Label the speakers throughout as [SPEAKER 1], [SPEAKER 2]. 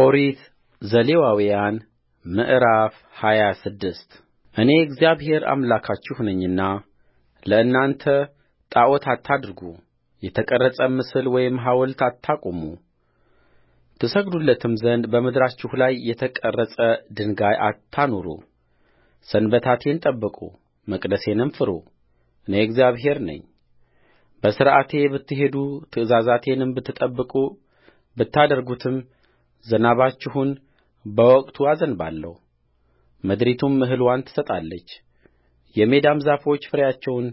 [SPEAKER 1] ኦሪት ዘሌዋውያን ምዕራፍ ሃያ ስድስት እኔ እግዚአብሔር አምላካችሁ ነኝና ለእናንተ ጣዖት አታድርጉ የተቀረጸ ምስል ወይም ሐውልት አታቁሙ ትሰግዱለትም ዘንድ በምድራችሁ ላይ የተቀረጸ ድንጋይ አታኑሩ ሰንበታቴን ጠብቁ መቅደሴንም ፍሩ እኔ እግዚአብሔር ነኝ በሥርዓቴ ብትሄዱ ትእዛዛቴንም ብትጠብቁ ብታደርጉትም ዝናባችሁን በወቅቱ አዘንባለሁ ምድሪቱም እህልዋን ትሰጣለች የሜዳም ዛፎች ፍሬአቸውን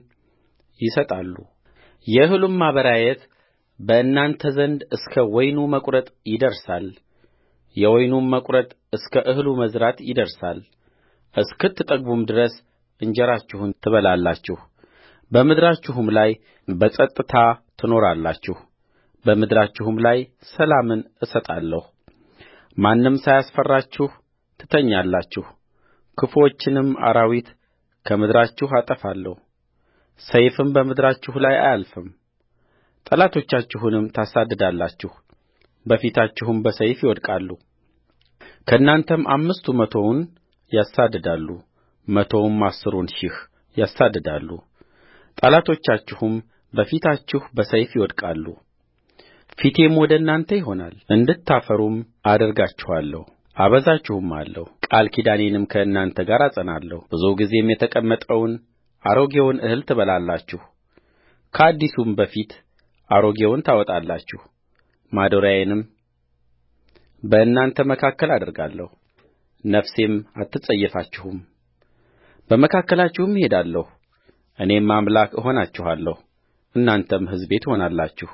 [SPEAKER 1] የእህሉም ማበራየት በእናንተ ዘንድ እስከ ወይኑ መቍረጥ ይደርሳል የወይኑም መቍረጥ እስከ እህሉ መዝራት ይደርሳል እስክትጠግቡም ድረስ እንጀራችሁን ትበላላችሁ በምድራችሁም ላይ በጸጥታ ትኖራላችሁ በምድራችሁም ላይ ሰላምን እሰጣለሁ ማንም ሳያስፈራችሁ ትተኛላችሁ ክፉዎችንም አራዊት ከምድራችሁ አጠፋለሁ ሰይፍም በምድራችሁ ላይ አያልፍም ጠላቶቻችሁንም ታሳድዳላችሁ በፊታችሁም በሰይፍ ይወድቃሉ ከእናንተም አምስቱ መቶውን ያሳድዳሉ መቶውም አሥሩን ሺህ ያሳድዳሉ ጠላቶቻችሁም በፊታችሁ በሰይፍ ይወድቃሉ ፊቴም ወደ እናንተ ይሆናል እንድታፈሩም አደርጋችኋለሁ አበዛችሁማለሁ ቃል ኪዳኔንም ከእናንተ ጋር አጸናለሁ ብዙ ጊዜም የተቀመጠውን አሮጌውን እህል ትበላላችሁ ከአዲሱም በፊት አሮጌውን ታወጣላችሁ ማደሪያዬንም በእናንተ መካከል አደርጋለሁ ነፍሴም አትጸየፋችሁም በመካከላችሁም እሄዳለሁ እኔም አምላክ እሆናችኋለሁ እናንተም ሕዝቤ ትሆናላችሁ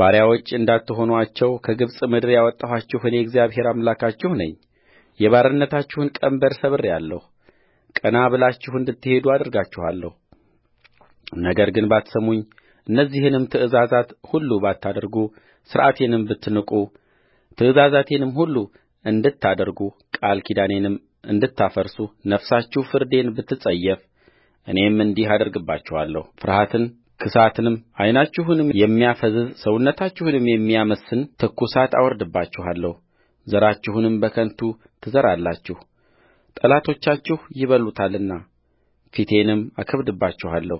[SPEAKER 1] ባሪያዎች እንዳትሆኑአቸው ከግብፅ ምድር ያወጣኋችሁ እኔ እግዚአብሔር አምላካችሁ ነኝየባርነታችሁን ቀንበር ሰብሬአለሁ ቀና ብላችሁ እንድትሄዱ አደርጋችኋለሁ ነገር ግን ባትሰሙኝ እነዚህንም ትእዛዛት ሁሉ ባታደርጉ ሥርዓቴንም ብትንቁ ትእዛዛቴንም ሁሉ እንድታደርጉ ቃል ኪዳኔንም እንድታፈርሱ ነፍሳችሁ ፍርዴን ብትጸየፍ እኔም እንዲህ አደርግባችኋለሁ ፍርሃትን ክሳትንም ዓይናችሁንም የሚያፈዝዝ ሰውነታችሁንም የሚያመስን ትኩሳት አወርድባችኋለሁ ዘራችሁንም በከንቱ ትዘራላችሁ ጠላቶቻችሁ ይበሉታልና ፊቴንም አከብድባችኋለሁ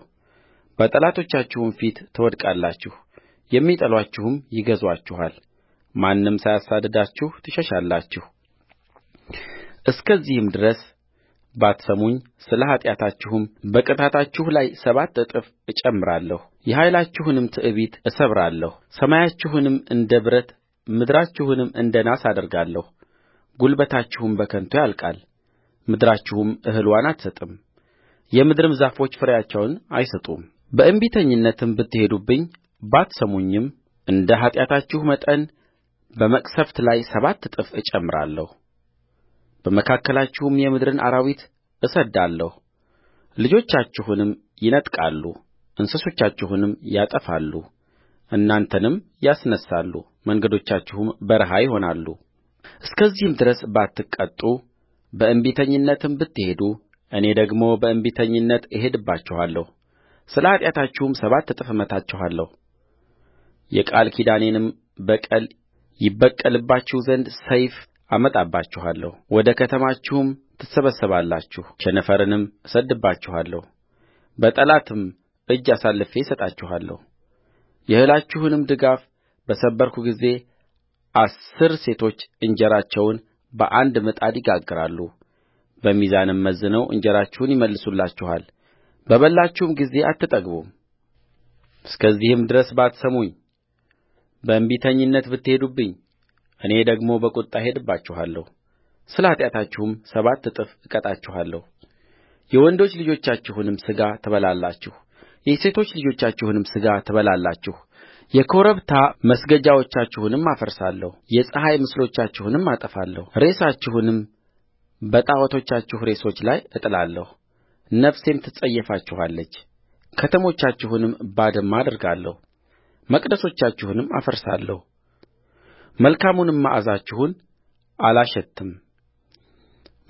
[SPEAKER 1] በጠላቶቻችሁም ፊት ትወድቃላችሁ የሚጠሉአችሁም ይገዙአችኋል ማንም ሳያሳድዳችሁ ትሸሻላችሁ እስከዚህም ድረስ ባትሰሙኝ ስለ ኃጢአታችሁም በቅጣታችሁ ላይ ሰባት እጥፍ እጨምራለሁ የኃይላችሁንም ትዕቢት እሰብራለሁ ሰማያችሁንም እንደ ብረት ምድራችሁንም እንደ ናስ አደርጋለሁ ጕልበታችሁም በከንቱ ያልቃል ምድራችሁም እህልዋን አትሰጥም የምድርም ዛፎች ፍሬያቸውን አይሰጡም በእንቢተኝነትም ብትሄዱብኝ ባትሰሙኝም እንደ ኃጢአታችሁ መጠን በመቅሠፍት ላይ ሰባት እጥፍ እጨምራለሁ በመካከላችሁም የምድርን አራዊት እሰድዳለሁ ልጆቻችሁንም ይነጥቃሉ እንስሶቻችሁንም ያጠፋሉ እናንተንም ያስነሣሉ መንገዶቻችሁም በረሃ ይሆናሉ። እስከዚህም ድረስ ባትቀጡ በእንቢተኝነትም ብትሄዱ እኔ ደግሞ በእንቢተኝነት እሄድባችኋለሁ ስለ ኃጢአታችሁም ሰባት እጥፍ እመታችኋለሁ የቃል ኪዳኔንም በቀል ይበቀልባችሁ ዘንድ ሰይፍ አመጣባችኋለሁ ወደ ከተማችሁም ትሰበሰባላችሁ ቸነፈርንም እሰድድባችኋለሁ በጠላትም እጅ አሳልፌ የእህላችሁንም ድጋፍ በሰበርሁ ጊዜ አሥር ሴቶች እንጀራቸውን በአንድ ምጣድ ይጋግራሉ በሚዛንም መዝነው እንጀራችሁን ይመልሱላችኋል በበላችሁም ጊዜ አትጠግቡም እስከዚህም ድረስ ባትሰሙኝ በእንቢተኝነት ብትሄዱብኝ እኔ ደግሞ በቍጣ እሄድባችኋለሁ ስለ ኃጢአታችሁም ሰባት እጥፍ እቀጣችኋለሁ የወንዶች ልጆቻችሁንም ሥጋ ትበላላችሁ የሴቶች ልጆቻችሁንም ሥጋ የኮረብታ መስገጃዎቻችሁንም አፈርሳለሁ የፀሐይ ምስሎቻችሁንም አጠፋለሁ ሬሳችሁንም በጣዖቶቻችሁ ሬሶች ላይ እጥላለሁ ነፍሴም ትጸየፋችኋለች ከተሞቻችሁንም ባድማ አደርጋለሁ መቅደሶቻችሁንም አፈርሳለሁ መልካሙንም መዓዛችሁን አላሸትትም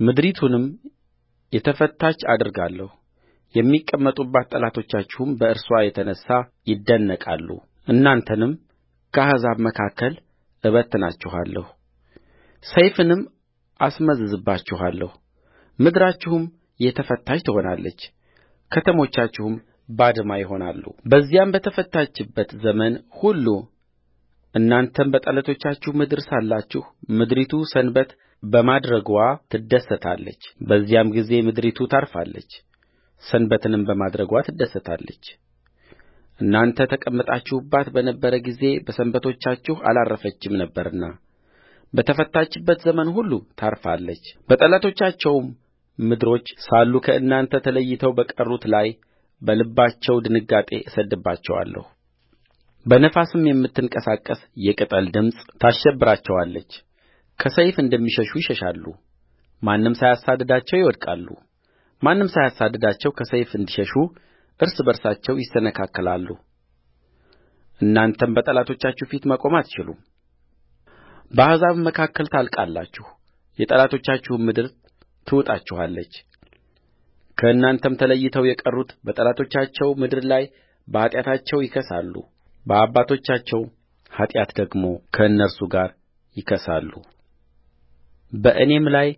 [SPEAKER 1] ምድሪቱንም የተፈታች አደርጋለሁ የሚቀመጡባት ጠላቶቻችሁም በእርስዋ የተነሣ እናንተንም ከአሕዛብ መካከል እበትናችኋለሁ ሰይፍንም አስመዝዝባችኋለሁ ምድራችሁም የተፈታች ትሆናለች ከተሞቻችሁም ባድማ ይሆናሉበዚያም በተፈታችበት ዘመን ሁሉ እናንተም በጠላቶቻችሁ ምድር ሳላችሁ ምድሪቱ ሰንበት በማድረግዋ ትደሰታለች በዚያም ጊዜ ምድሪቱ ታርፋለች ሰንበትንም በማድረግዋ እናንተ ተቀምጣችሁባት በነበረ ጊዜ በሰንበቶቻችሁ አላረፈችም ነበርና በተፈታችበት ዘመን ሁሉ ታርፋለች። በጠላቶቻቸውም ምድሮች ሳሉ ከእናንተ ተለይተው በቀሩት ላይ በልባቸው ድንጋጤ እሰድድባቸዋለሁ በነፋስም የምትንቀሳቀስ የቅጠል ድምፅ ታሸብራቸዋለች ከሰይፍ እንደሚሸሹ ይሸሻሉ ማንም ሳያሳድዳቸው ይወድቃሉ ማንም ሳያሳድዳቸው ከሰይፍ እንዲሸሹ እርስ በርሳቸው ይሰነካከላሉ እናንተም በጠላቶቻችሁ ፊት መቆም አትችሉም በአሕዛብ መካከል ታልቃላችሁ የጠላቶቻችሁም ምድር ትውጣችኋለች ከእናንተም ተለይተው የቀሩት በጠላቶቻቸው ምድር ላይ በኃጢአታቸው ይከሳሉ በአባቶቻቸው ኃጢአት ደግሞ ከእነርሱ ጋር ይከሳሉበእኔም ላይ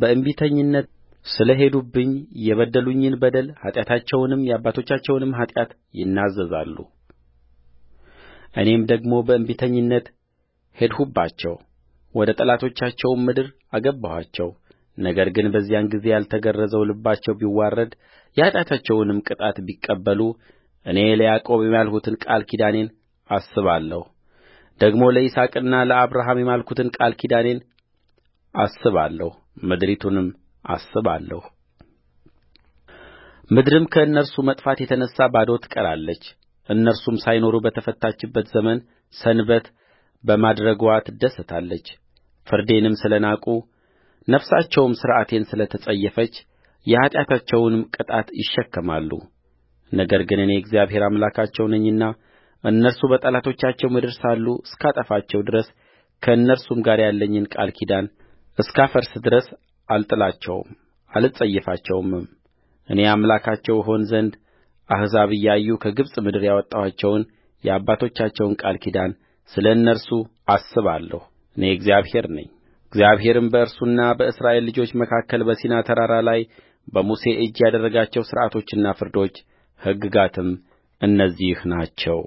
[SPEAKER 1] በእንቢተኝነት ስለ ሄዱብኝ የበደሉኝን በደል ኃጢአታቸውንም የአባቶቻቸውንም ኃጢአት ይናዘዛሉእኔም ደግሞ በእንቢተኝነት ሄድሁባቸው ወደ ጠላቶቻቸውም ምድር አገባኋቸው። ነገር ግን በዚያን ጊዜ ያልተገረዘው ልባቸው ቢዋረድ የኃጢአታቸውንም ቅጣት ቢቀበሉ እኔ ለያዕቆብ የማልሁትን ቃል ኪዳኔን አስባለሁ ደግሞ ለይስሐቅና ለአብርሃም የማልሁትን ቃል ኪዳኔን አስባለሁ ምድሪቱንም አስባለሁ ምድርም ከእነርሱ መጥፋት የተነሣ ባዶ ትቀራለች እነርሱም ሳይኖሩ በተፈታችበት ዘመን ሰንበት በማድረግዋ ትደሰታለች ፍርዴንም ስለ ናቁ ነፍሳቸውም ሥርዓቴን ስለ ተጸየፈች የኃጢአታቸውንም ቅጣት ይሸከማሉ ነገር ግን እኔ እግዚአብሔር አምላካቸው ነኝና እነርሱ በጠላቶቻቸው ምድር ሳሉ እስካጠፋቸው ድረስ ከእነርሱም ጋር ያለኝን ቃል ኪዳን እስካፈርስ ድረስ አልጥላቸውም አልጸየፋቸውምም እኔ አምላካቸው እሆን ዘንድ አሕዛብ እያዩ ከግብፅ ምድር ያወጣኋቸውን የአባቶቻቸውን ቃል ኪዳን ስለ እነርሱ አስባለሁ እኔ እግዚአብሔር ነኝ። እግዚአብሔርም በእርሱና በእስራኤል ልጆች መካከል በሲና ተራራ ላይ በሙሴ እጅ ያደረጋቸው ሥርዓቶችና ፍርዶች ሕግጋትም እነዚህ ናቸው